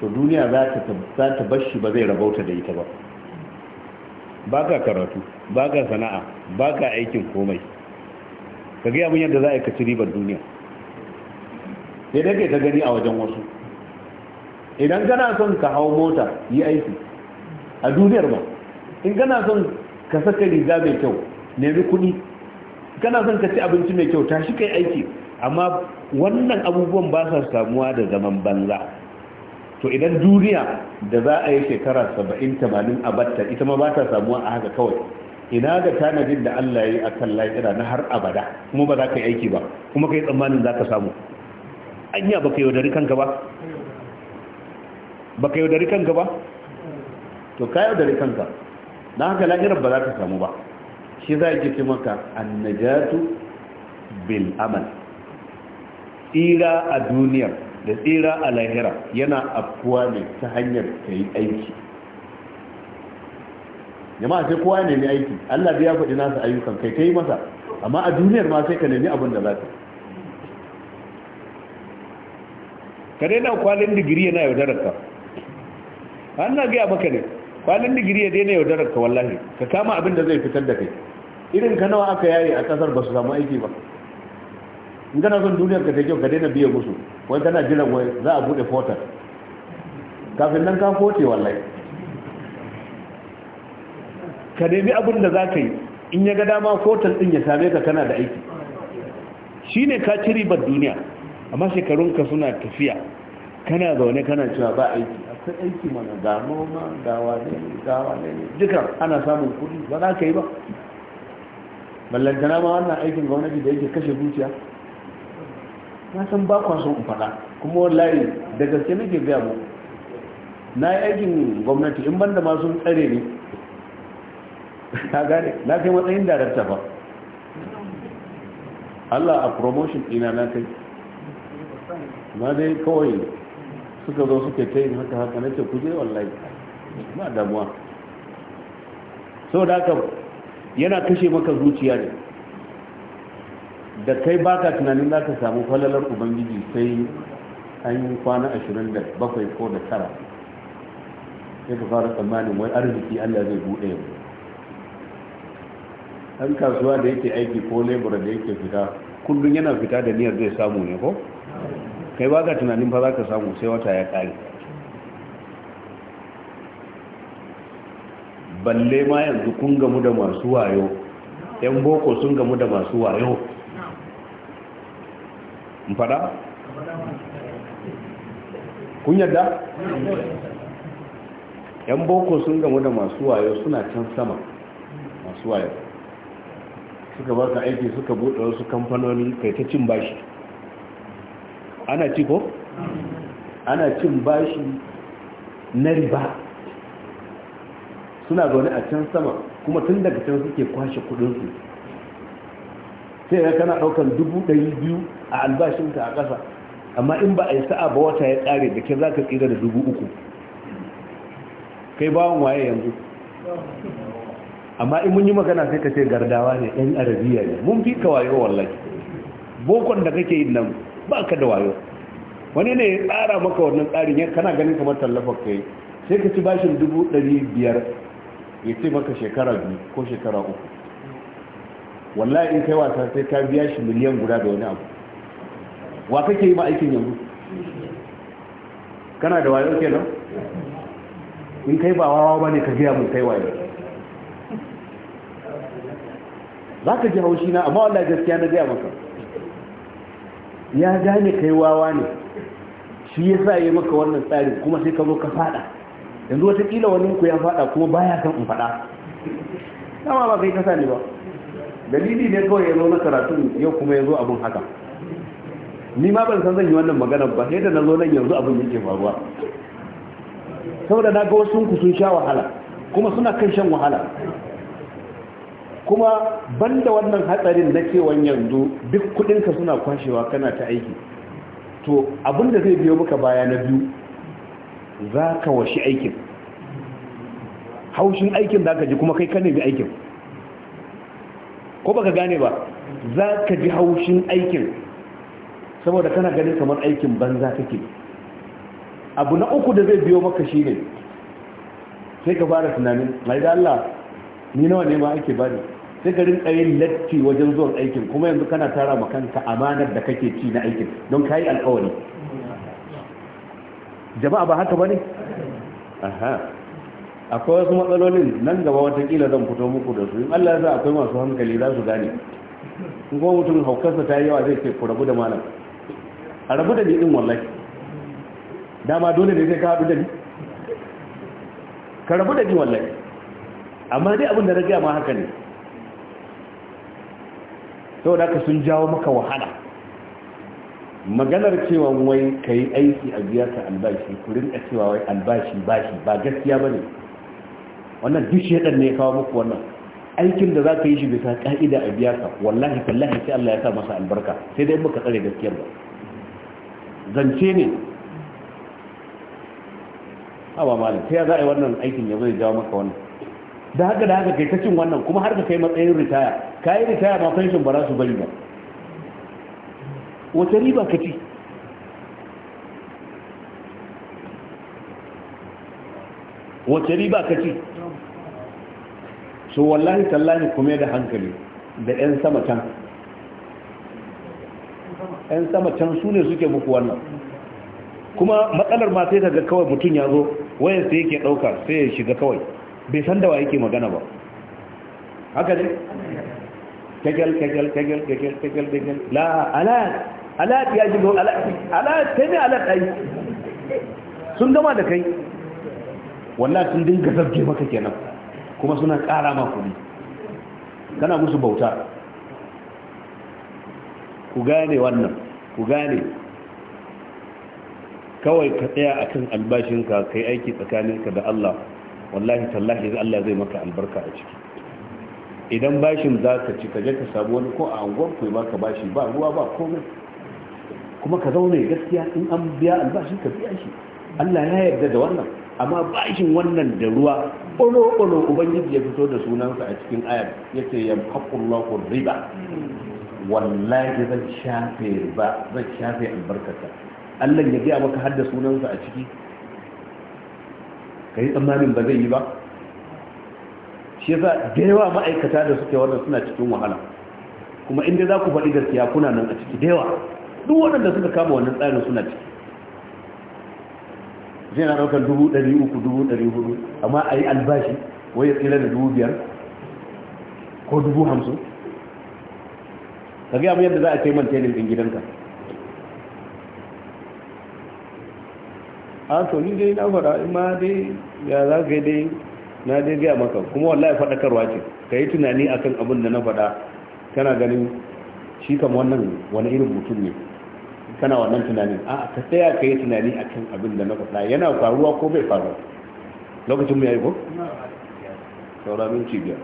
to duniya za ta bar shi ba zai rabauta da ita ba ba ka karatu ba ka sana'a ba ka aikin komai ka gaya mun yadda za a kaci ribar duniya sai dai ta gani a wajen wasu idan kana son ka hau mota yi aiki a duniyar ba in kana son ka saka riga mai kyau nemi kuɗi kana son ka ci abinci mai kyau tashi kai aiki amma wannan abubuwan ba sa samuwa da zaman banza to idan duniya da za a yi shekara saba'in tamanin a batta ita ma ba ta samuwa a haka kawai ina ga tanadin da Allah ya yi a kan la'ira na har abada kuma ba za ka yi aiki ba kuma ka yi tsammanin za ka samu anya ba ka yaudari kanka ba ba ka yaudari kanka ba to ka yaudare kanka don haka la'irar ba za ta samu ba shi za a ce maka annajatu bil amal tsira a duniyar da tsira a lahira yana afuwa ne ta hanyar ta yi aiki jama'a sai kowa ne aiki allah ya faɗi nasa ayyukan kai ta yi masa amma a duniyar ma sai ka nemi abin da za ta. ka daina kwalin digiri yana yaudararka an na gaya maka ne kwanan digiri ya daina yaudarar ka wallahi ka kama abin da zai fitar da kai irin ka nawa aka yaye a kasar ba su samu aiki ba in kana son duniyar ka ta kyau ka daina biya musu wai kana jiran wai za a bude fotar kafin nan ka kote wallahi ka nemi abin da za ka yi in ya ga dama fotar din ya same ka kana da aiki shine ka ci ribar duniya amma shekarunka suna tafiya kana zaune kana cewa ba aiki sai aiki mana ga noma ga wane ne ga wane ne duka ana samun kuɗi ba za ka yi ba ballantana ma wannan aikin gwamnati da yake kashe zuciya na san ba sun son faɗa kuma wallahi da gaske nake gaya mu na yi aikin gwamnati in banda masu tsare ne na gane na kai matsayin darakta ba Allah a promotion ina na kai ma dai kawai suka zo suka ta yin haka haka nace ku je wallahi ba damuwa saboda haka yana kashe maka zuciya ne da kai baka tunanin za ka samu falalar ubangiji sai an yi kwana ashirin da bakwai ko da tara sai ka fara tsammanin wai arziki allah zai buɗe yau an kasuwa da yake aiki ko lebura da yake fita kullum yana fita da niyyar zai samu ne ko kai ba ka tunanin fa za ka samu sai wata ya kare balle ma yanzu kun gamu da masu wayo yan boko sun gamu da masu wayo fada? kun yadda? yan boko sun gamu da masu wayo suna can sama masu wayo suka baka aiki suka buɗe wasu kamfanoni kai ta cin bashi ana ci ko ana cin bashi na riba suna zaune a can sama kuma tun daga can suke kwashe kudinsu sai ya kana daukan dubu ɗari biyu a albashinka a ƙasa amma in ba a yi sa'a ba wata ya tsare da ke za ka tsira da dubu uku kai bawon waye yanzu amma in mun yi magana sai ka ce gardawa ne yan arabiya ne mun fi kawayo wallahi bokon da kake yin nan ba ka da wayo wani ne ya tsara maka wannan tsarin ya kana ganin kamar tallafa yi sai ka ci bashin dubu ɗari biyar ya ce maka shekara biyu ko shekara uku wallahi in kai wasa sai ka biya shi miliyan guda da wani abu wa kake yi ma aikin yanzu kana da wayo kenan in kai ba wawa ba ne ka gaya mun kai wayo za ka ji haushi na amma wallahi gaskiya na gaya maka ya gane kai wawa ne shi ya sa ya maka wannan tsarin kuma sai ka zo ka fada yanzu watakila wani ku ya fada kuma baya san in fada dama ba kai kasa ne ba dalili ne kawai ya zo na karatun yau kuma ya zo abin haka ni ma ban san zan yi wannan magana ba sai da na zo nan yanzu abin yake faruwa saboda na ga wasu ku sun sha wahala kuma suna kan shan wahala kuma banda wannan hatsarin na kewan yanzu duk kudinka suna kwashewa kana ta aiki to abinda zai biyo maka baya na biyu za ka washi aikin haushin aikin za ka ji kuma kai ka bi aikin ko baka gane ba za ka ji haushin aikin saboda kana ganin kamar aikin banza take abu na uku da zai biyo maka shi ne, sai ka fara tunanin mai da Allah ni nawa ne ma ake bani sai garin rinka latti wajen zuwan aikin kuma yanzu kana tara ma kanka amanar da kake ci na aikin don kayi alkawari jama'a ba haka bane aha akwai wasu matsalolin nan gaba watakila zan fito muku da su in Allah ya sa akwai masu hankali za su gane in kuma mutum haukarsa ta yi yawa zai ce ku rabu da malam a rabu da ni din wallahi dama dole ne sai ka haɗu da ni ka rabu da ni wallahi amma dai abin da na gaya ma haka ne saboda haka sun jawo maka wahala maganar cewa wai ka yi aiki a biya ka albashi kurin a cewa wai albashi bashi ba gaskiya ba ne wannan duk shaɗar ne ya kawo muku wannan aikin da za ka yi shi bisa ka'ida a biya ka wallahi tallahi sai Allah ya sa masa albarka sai dai muka tsare gaskiyar ba zance ne ba malam sai ya za a yi wannan aikin ya zai jawo maka wannan da haka da haka kai ta cin wannan kuma har ka kai matsayin ritaya ka yi ritaya ma fenshin ba za su bari ba wata riba ka ci wace riba ka ci so wallahi tallahi kuma da hankali da 'yan sama can 'yan sama can su ne suke muku wannan kuma matsalar ma sai ga kawai mutum ya zo wayan sai yake ɗauka sai ya shiga kawai bai san da wa yake magana ba haka ne kegel kegel kegel kegel kegel kegel la alat alat ya jibo alat alat kai ne alat ai sun gama da kai wallahi sun dinga zabge maka kenan kuma suna ƙara ma kuɗi kana musu bauta ku gane wannan ku gane kawai ka tsaya akan albashinka kai aiki tsakaninka da Allah wallahi tallahi Allah zai maka albarka a ciki idan bashin za ka ci ka je ka samu wani ko a angon ku ba ka bashi ba ruwa ba komai kuma ka zauna gaskiya in an biya albashin ka biya shi Allah ya yarda da wannan amma bashin wannan da ruwa ƙolo-ƙolo ubangiji ya fito da sunansa a cikin ayar ya ce ya haƙullahu riba wallahi zan shafe riba zan shafe albarkata Allah ya biya maka har da sunansa a ciki kai tsammanin ba zai yi ba shi yasa da yawa ma'aikata da suke wannan suna cikin wahala kuma inda za ku faɗi gaskiya kuna nan a ciki da yawa duk waɗanda suka kama wannan tsarin suna ciki zai na ɗaukar dubu ɗari uku dubu ɗari hudu amma a yi albashi wai ya tsira da dubu biyar ko dubu hamsin ka gaya mu yadda za a kai man ɗin gidanka a to ni dai na faɗa in ma dai ya za ka dai na dai gaya maka kuma wallahi faɗakarwa ce ka yi tunani a kan abin da na faɗa kana ganin shi kam wannan wani irin mutum ne kana wannan tunanin a ka tsaya ka yi tunani a kan abin da na faɗa yana faruwa ko bai faru lokacin mu yi ko saura minti biyar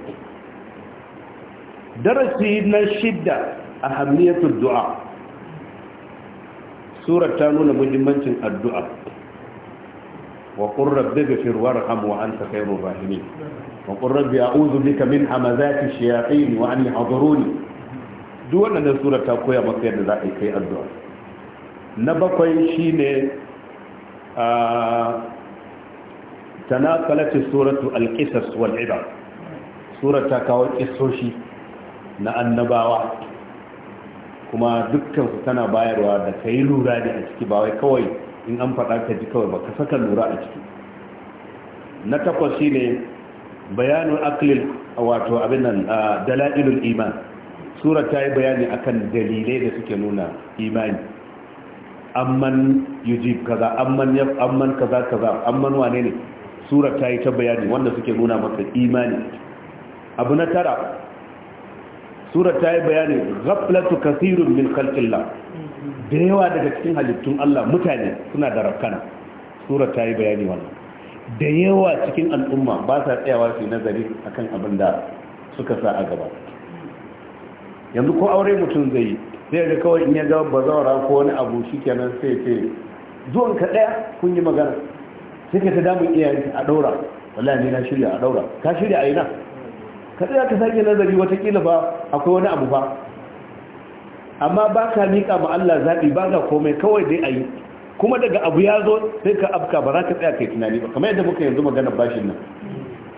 darasi na shidda a hamiyatul du'a surar ta nuna muhimmancin addu'a وقل رب اغفر وارحم وانت خير الراحمين وقل رب اعوذ بك من همزات الشياطين وان يحضروني duk wannan sura ta koya maka yadda za kai addu'a na bakwai shine tana tanakalati suratu alqisas wal ibad sura ta kawo kisoshi na annabawa kuma dukkan tana bayarwa da kai lura da a ciki ba kawai in an faɗa ka ji kawai ba ka saka lura a ciki na takwas shi ne bayanin aklil wato abin nan dala'ilul iman sura ta yi bayani akan dalilai da suke nuna imani amman yujib kaza amman yaf amman kaza kaza amman wane ne sura ta yi ta bayani wanda suke nuna maka imani abu na tara sura ta yi bayani ghaflatu kathirun min khalqillah da yawa daga cikin halittun Allah mutane suna da rafkana sura ta yi bayani wannan da yawa cikin al'umma ba sa tsayawa su nazari akan abin da suka sa a gaba yanzu ko aure mutum zai yi sai ga kawai in ya ga bazawara ko wani abu shi kenan sai ce zuwan ka daya kun yi magana sai ka ta damun iyayen a daura wallahi ne na shirya a daura ka shirya a yi na ka tsaya ka sake nazari watakila ba akwai wani abu ba amma ba ka miƙa ma Allah zaɓi ba ga komai kawai dai a yi kuma daga abu ya zo sai ka afka ba za ka tsaya kai tunani ba kamar yadda muka yanzu magana bashin nan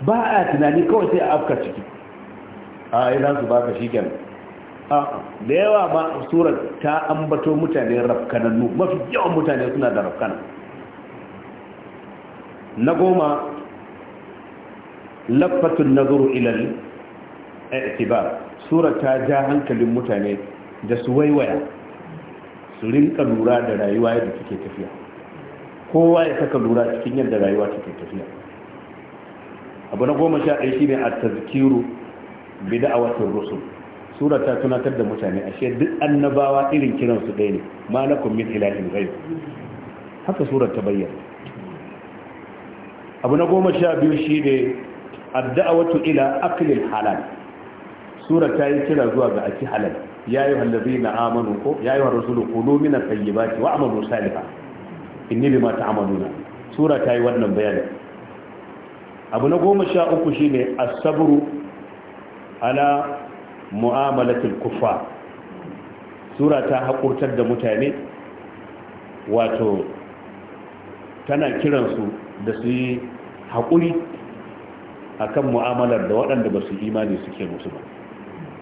ba a tunani kawai sai a afka ciki a yi su baka shi da yawa ma sura ta ambato mutane rafkanannu mafi yawan mutane suna da rafkana na goma laffatun nazuru ilal i'tibar surar ta ja hankalin mutane da su waiwaya su rinka lura da rayuwa yadda suke tafiya kowa ya saka lura cikin yadda rayuwa suke tafiya abu na goma sha ɗaya shine a tazkiru a watan rusul sura ta tunatar da mutane ashe duk annabawa irin kiran su ɗaya ne ma na min ilahin ghayr haka sura ta bayyana abu na goma sha biyu shi ne Addu'a dawatu ila akilin halal sura ta yi kira zuwa ga aki halal ya ayyuhal na amanu ko ya ayyuhar rasulu kulu min at-tayyibati wa'malu salihan inni bima ta'maluna sura ta yi wannan bayanin abu na goma sha uku shine as-sabru Ana mu'amalatil kuffar sura ta hakurtar da mutane wato tana kiransu da su yi haƙuri akan mu'amalar da waɗanda ba su imani suke musu ba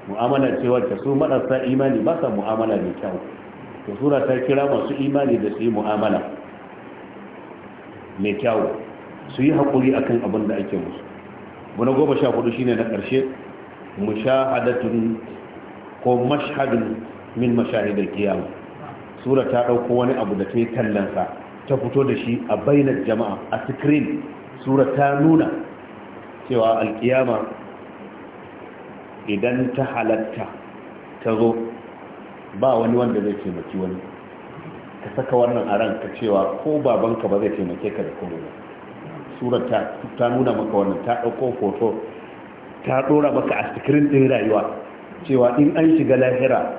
mu'amala ce wacce su marasa imani ba sa mu'amala mai kyau to sura ta kira masu imani da su yi mu'amala mai kyau su yi haƙuri akan abin da ake musu guna goma sha hudu shine na ƙarshe mu sha mushahadatun ko mashhadun min mashahidar kiyama sura ta ɗauko wani abu da ta yi tallansa ta fito da shi a bainar jama'a a screen sura ta nuna cewa alkiyama idan ta halatta ta zo ba wani wanda zai taimaki wani ka saka wannan a ranka cewa ko babanka ba zai taimake ka da kuma ba ta nuna maka wannan ta ɗauko hoto ta ɗora maka a sikirin ɗin rayuwa cewa in an shiga lahira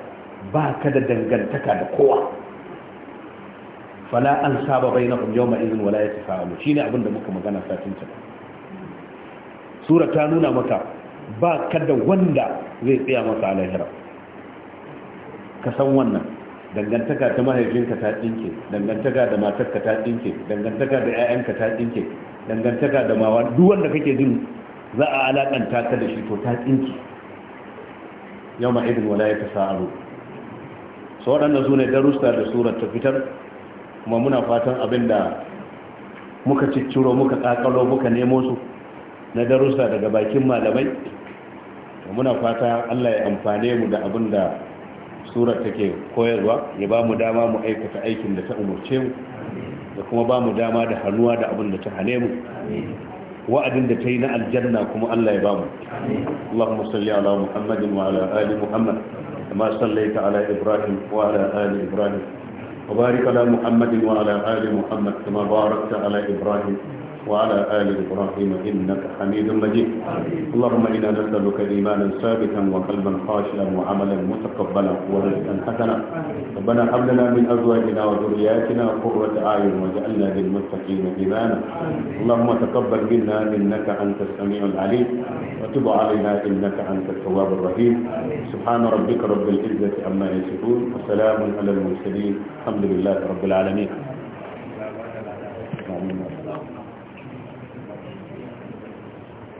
ba ka da dangantaka da kowa fala an saba bai na kun yawma izin wala ya tafa shi ne abin da muka magana satin ta sura ta nuna maka ba ka da wanda zai tsaya masa alahira ka san wannan dangantaka ta mahaifinka ta ɗinke dangantaka da matarka ta ɗinke dangantaka da 'ya'yanka ta ɗinke dangantaka da mawa duk wanda kake jin za a alakanta ka da shi to ta tsinki yau ma idin wala ya ta sa'aru so waɗanda su ne darusta da surar ta fitar kuma muna fatan abin da muka cicciro muka ƙaƙalo muka nemo su na darusta daga bakin malamai muna fata Allah ya amfane mu da abin da surar take koyarwa ya ba mu dama mu aikata aikin da ta umarce mu da kuma ba mu dama da hannuwa da abin da ta hane mu wa'adin da ta yi na aljanna kuma Allah ya ba mu Allahumma salli ala Muhammadin wa ala ali Muhammad kama sallaita ala Ibrahim wa ala ali Ibrahim wa barik ala Muhammadin wa ala ali Muhammad kama barakta ala Ibrahim وعلى آل إبراهيم إنك حميد مجيد اللهم إنا نسألك إيمانا ثابتا وقلبا خاشعا وعملا متقبلا ورزقا حسنا ربنا هب لنا من أزواجنا وذرياتنا قرة أعين واجعلنا للمتقين إماما اللهم تقبل منا إنك أنت السميع العليم وتب علينا إنك أنت التواب الرحيم سبحان ربك رب العزة عما يصفون وسلام على المرسلين الحمد لله رب العالمين